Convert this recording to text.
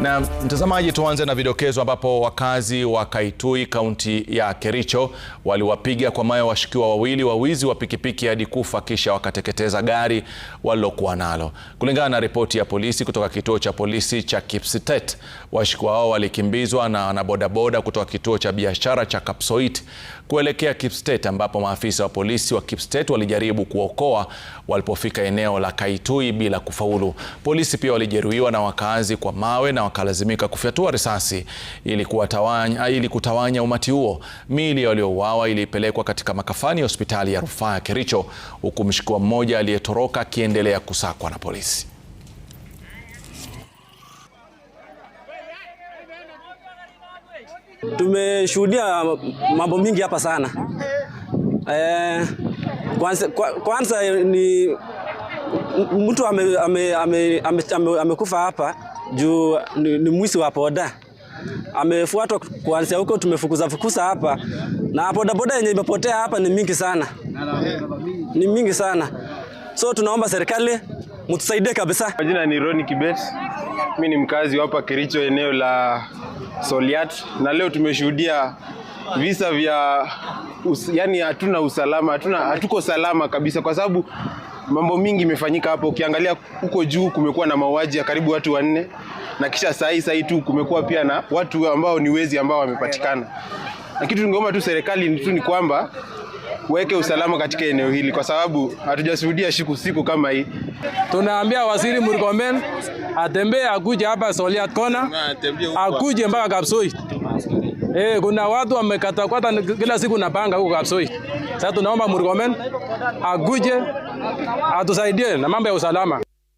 Na mtazamaji, tuanze na vidokezo ambapo wakazi wa Kaitui kaunti ya Kericho waliwapiga kwa mawe washukiwa wawili wa wizi wa pikipiki hadi kufa kisha wakateketeza gari walilokuwa nalo. Kulingana na ripoti ya polisi kutoka kituo cha polisi cha Kipsitet, washukiwa hao walikimbizwa na wanabodaboda kutoka kituo cha biashara cha Kapsoit kuelekea Kipsitet, ambapo maafisa wa polisi wa Kipsitet walijaribu kuokoa walipofika eneo la Kaitui bila kufaulu. Polisi pia walijeruhiwa na wakazi kwa mawe na wakalazimika kufyatua risasi ili kuwatawanya, ili kutawanya umati huo. Miili ya waliouawa ilipelekwa katika makafani ya hospitali ya rufaa ya Kericho, huku mshukiwa mmoja aliyetoroka akiendelea kusakwa na polisi. Tumeshuhudia mambo mingi hapa sana eh, kwanza, kwanza ni mtu amekufa ame, ame, ame, ame hapa juu ni, ni mwisi wa poda amefuatwa kuanzia huko, tumefukuza fukuza hapa na bodaboda yenye imepotea hapa ni mingi sana, ni mingi sana. So tunaomba serikali mtusaidie kabisa. Jina ni Roni Kibet, mimi ni mkazi hapa Kericho, eneo la Soliat, na leo tumeshuhudia visa vya yani hatuna usalama, hatuna hatuko salama kabisa, kwa sababu mambo mingi imefanyika hapo. Ukiangalia huko juu kumekuwa na mauaji ya karibu watu wanne, na kisha sahii sahii tu kumekuwa pia na watu ambao ni wezi ambao wamepatikana, na kitu ningeomba tu serikali tu ni kwamba weke usalama katika eneo hili, kwa sababu hatujashuhudia siku siku kama hii. Tunaambia waziri Murkomen atembee akuje hapa Soliat Kona, akuje mpaka Kapsoi. Eh, kuna watu wamekata kwata kila siku panga huko Kapsoi. Sasa tunaomba Murkomen aguje atusaidie na mambo ya usalama.